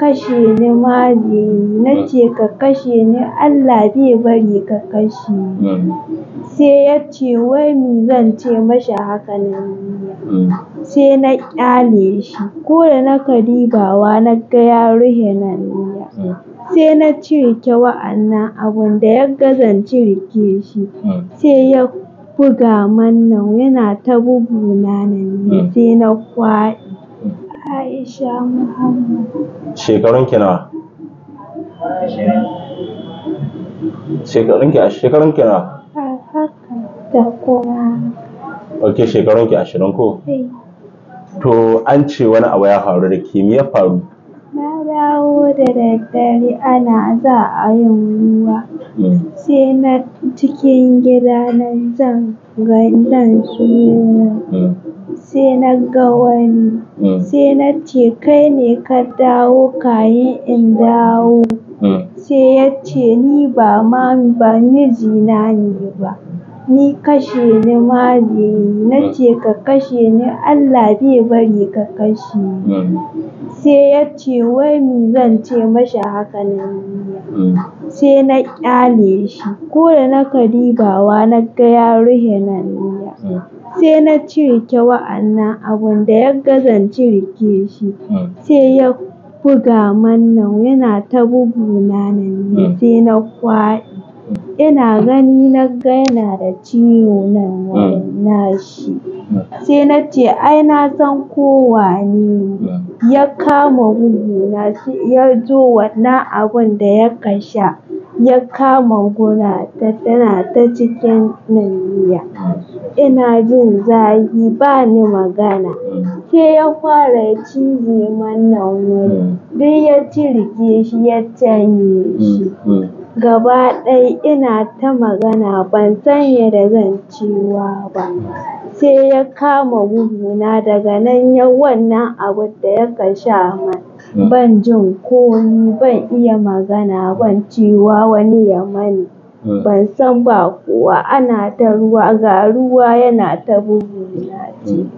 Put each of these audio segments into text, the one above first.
kashe ni Mary, na ce ka kashe ni Allah bai bari ka kashe ni. Mm. Sai ya ce wai me zan ce mashi haka nan mm. Sai na ƙyale shi. Ko da na ka na ga ya rufe nan mm. Sai na cirke wa'annan abun da ya ga zan cirke shi. Sai ya buga man nan yana ta bugu na nan sai na kwaɗi. Aisha Muhammad. Shekarun ki nawa? Shekarun ki shekarun ki nawa? Haka da kuma. Ok, shekarun ki ashirin ko? Eh. To an ce wani abu ya faru da ke ya faru? Na dawo da daddare ana za a yi ruwa. Hmm. Sai na cikin gida na zan ga zan sai na ga wani. Hmm. Sai na ce kai ne ka dawo kayi in dawo. Hmm. Sai ya ce ni ba ma ba mijina ne ba. Ni kashe ni ma yi. Na hmm. ce ka kashe ni Allah bai bari ka kashe ni. Sai ya ce wai zan ce masha haka nan ne. Sai na ƙyale shi. Ko da na ka dibawa na ga ya rufe nan ne. sai na cirke wa'annan abun da ya gazanci rike shi hmm. sai ya buga man yana ta bugu na hmm. sai na kwaɗi ina gani na ga yana da ciwo nan hmm. na nashi sai na ce ai na san ko wane ne ya kama bugu ya zo wannan abun da ya kasha ya kama ta tana ta cikin maniyyi, ina jin zafi ba ni magana, sai ya fara cije wannan wurin, duk ya cirge shi ya canye shi. Gaba ɗaya ina ta magana ban san yadda zan cewa ba, sai ya kama guguna daga nan ya wannan abun da ya sha min. Mm. ban jin komi, ban iya magana, ban cewa wani ya mani. Mm. Ban san ba kowa, ana ta ruwa, ga ruwa yana ta buguna ce. Mm.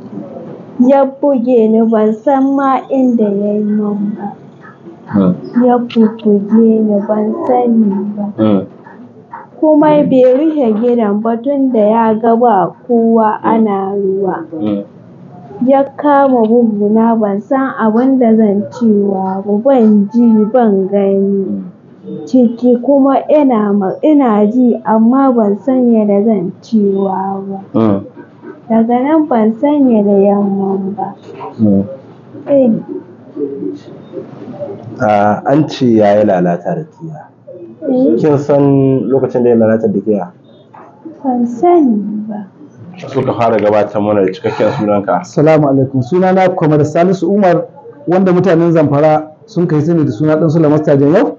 Ya buge ni ban san ma inda ya yi min ba. Ya bubbuge ni ban sani ba. Kuma bai rufe gidan ba tunda ya ga ba kowa ana ruwa. ya kama buguna ban san abin da zan wa ba. Ban ji ban gani ciki kuma ina, ina ji amma ban san yadda zan wa ba. Hmm. Daga nan ban san yadda yamma ba. Hmm. Eh. an ce ya yi lalata da ƙira. Eh. Kin san lokacin da ya lalata da ƙira? Ban sani ba. suka fara gabatar mana da cikakken sunanka. Assalamu alaikum Suna kuma da Salisu Umar wanda mutanen Zamfara sun kai sani da suna ɗansu Lamasta yau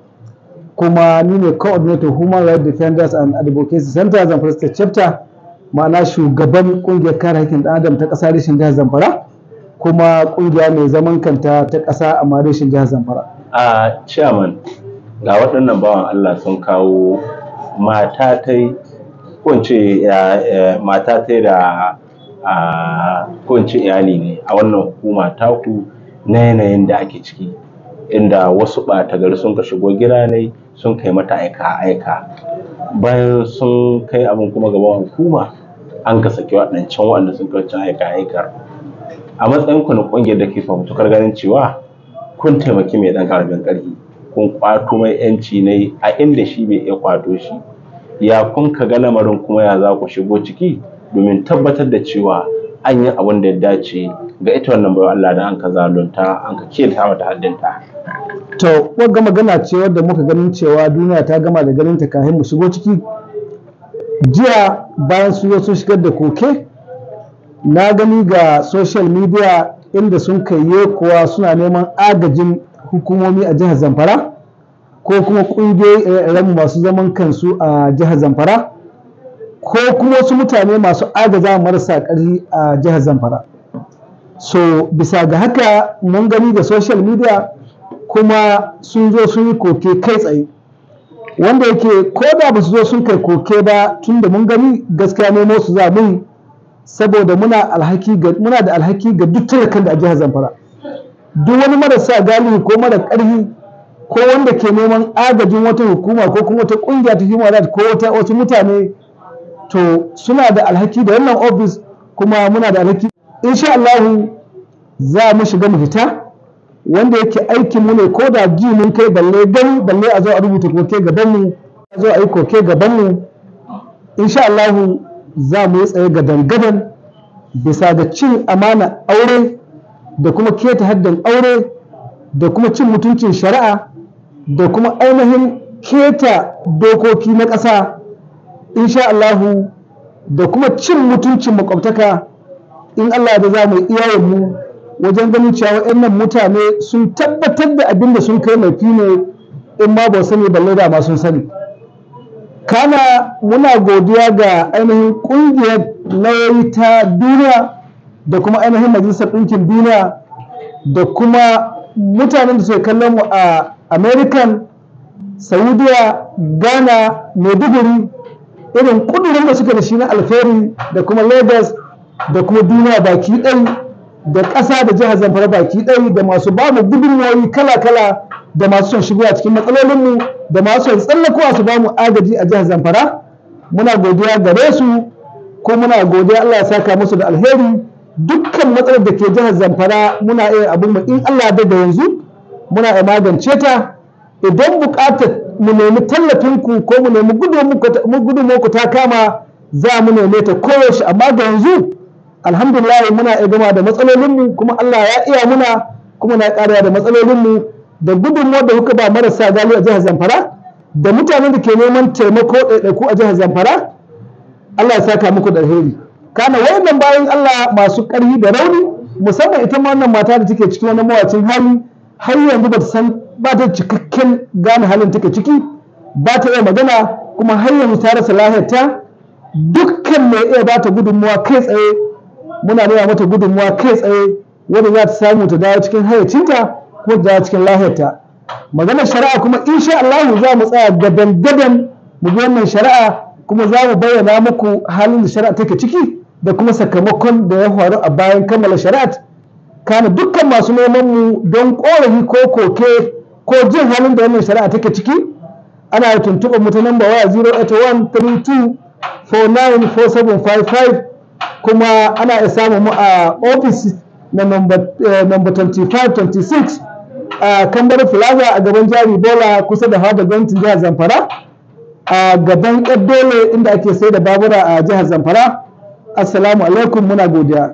kuma ni ne coordinator Human Rights Defenders and Advocacy Center Zamfara State Chapter ma'ana shugaban kungiyar kare haƙƙin ɗan adam ta ƙasa reshen jihar Zamfara kuma kungiya mai zaman kanta ta ƙasa a mareshin jihar Zamfara. A chairman ga waɗannan bawan Allah sun kawo mata ta kunci mata ta da ko iyali ne a wannan hukuma taku na yanayin da ake ciki inda wasu ɓata gari sun ka shigo gida ne sun kai mata aika aika bayan sun kai abin kuma gaban hukuma an ka saki waɗancan waɗanda sun kai wancan aika aikar a matsayin ku na ƙungiyar da ke fafutukar ganin cewa kun taimaki mai ɗan karfin ƙarfi kun ƙwato mai 'yanci ne a inda shi bai iya ƙwato shi ya kun ka ga lamarin kuma ya za ku shigo ciki domin tabbatar da cewa an yi abin da ya dace ga ita wannan bayan Allah da an ka zalunta an ka ta mata haddinta. To, ko ga magana ce da muka ganin cewa duniya ta gama da ganin ta kafin mu shigo ciki. Jiya bayan su sun shigar da koke, na gani ga social media inda sun kai kuwa suna neman agajin hukumomi a jihar Zamfara. ko kuma ƙungiyoyin masu zaman kansu a jihar zamfara ko kuma wasu mutane masu agaza marasa ƙarfi a jihar zamfara so bisa ga haka mun gani da social media kuma sun zo sun yi koke kai tsaye wanda yake ko da ba su zo sun kai koke ba tun da mun gani gaskiya nemo su za mun saboda muna da alhaki ga duk talakan da a jihar zamfara duk wani marasa galihu ko mara ƙarfi ko wanda ke neman agajin wata hukuma ko kuma wata kungiya ta human rights ko wata wasu mutane to suna da alhaki da wannan ofis kuma muna da alhaki insha Allah za mu shiga mu fita wanda yake aikin mu ne ko da ji mun kai balle gani balle a zo a rubuta koke gaban mu a zo a yi koke gaban mu insha Allah za mu yi tsaye gadan gadan bisa ga cin amana aure da kuma keta haddan aure da kuma cin mutuncin shari'a da kuma ainihin keta dokoki na ƙasa insha Allahu da kuma cin mutuncin makwabtaka in Allah da za mu iya mu wajen ganin cewa waɗannan mutane sun tabbatar da abin da sun kai mai ne in ma ba sani balle da ma sun sani kana muna godiya ga ainihin ƙungiyar lauyoyi ta duniya da kuma ainihin majalisar ɗinkin duniya da kuma mutanen da suke kallon mu a american saudiya ghana maiduguri irin kudurin da suke da shi na alferi da kuma lagos da kuma duniya baki ɗai da ƙasa da jihar zamfara baki ɗai da masu ba mu gudunmawoyi kala-kala da masu son shigowa cikin matsalolinmu da masu son tsallakowa su ba mu agaji a jihar zamfara muna godiya gare su ko muna godiya allah ya saka musu da alheri dukkan matsalar da ke jihar zamfara muna iya abin mu in allah da yanzu muna a magance ta idan buƙatar mu nemi tallafinku ko mu nemi muku ta kama za mu neme ta koyaushe amma da yanzu alhamdulillah muna iya gama da matsalolinmu kuma Allah ya iya muna kuma na ƙara da matsalolinmu da gudunmuwar da kuka ba marasa galiya a jihar Zamfara da mutanen da ke neman taimako ɗaiɗaiku a jihar Zamfara Allah ya saka muku da alheri kana wayannan bayan Allah masu ƙarfi da rauni musamman ita ma wannan mata da take cikin wani mawacin hali har yanzu ba san ba ta cikakken gane halin take ciki ba ta iya magana kuma har yanzu ta rasa lahiyarta dukkan mai iya ba ta gudunmuwa kai tsaye muna nuna mata gudunmuwa kai tsaye wanda za ta samu ta dawo cikin hayyacinta ko ta dawo cikin lahiyarta maganar shari'a kuma insha Allah za mu tsaya gadan gadan mu bi wannan shari'a kuma za mu bayyana muku halin da shari'a take ciki da kuma sakamakon da ya faru a bayan kammala shari'a kana dukkan masu neman mu don korafi ko koke ko jin halin da wannan shari'a take ciki ana tuntuɓar mu ta namba waya 08132494755 kuma ana iya samun mu a ofis na number 26, eh, a kambar plaza a gaban jari bola kusa da Hada gwamnatin jihar zamfara a gaban ƙaddole inda ake sai da babura a jihar zamfara assalamu alaikum muna godiya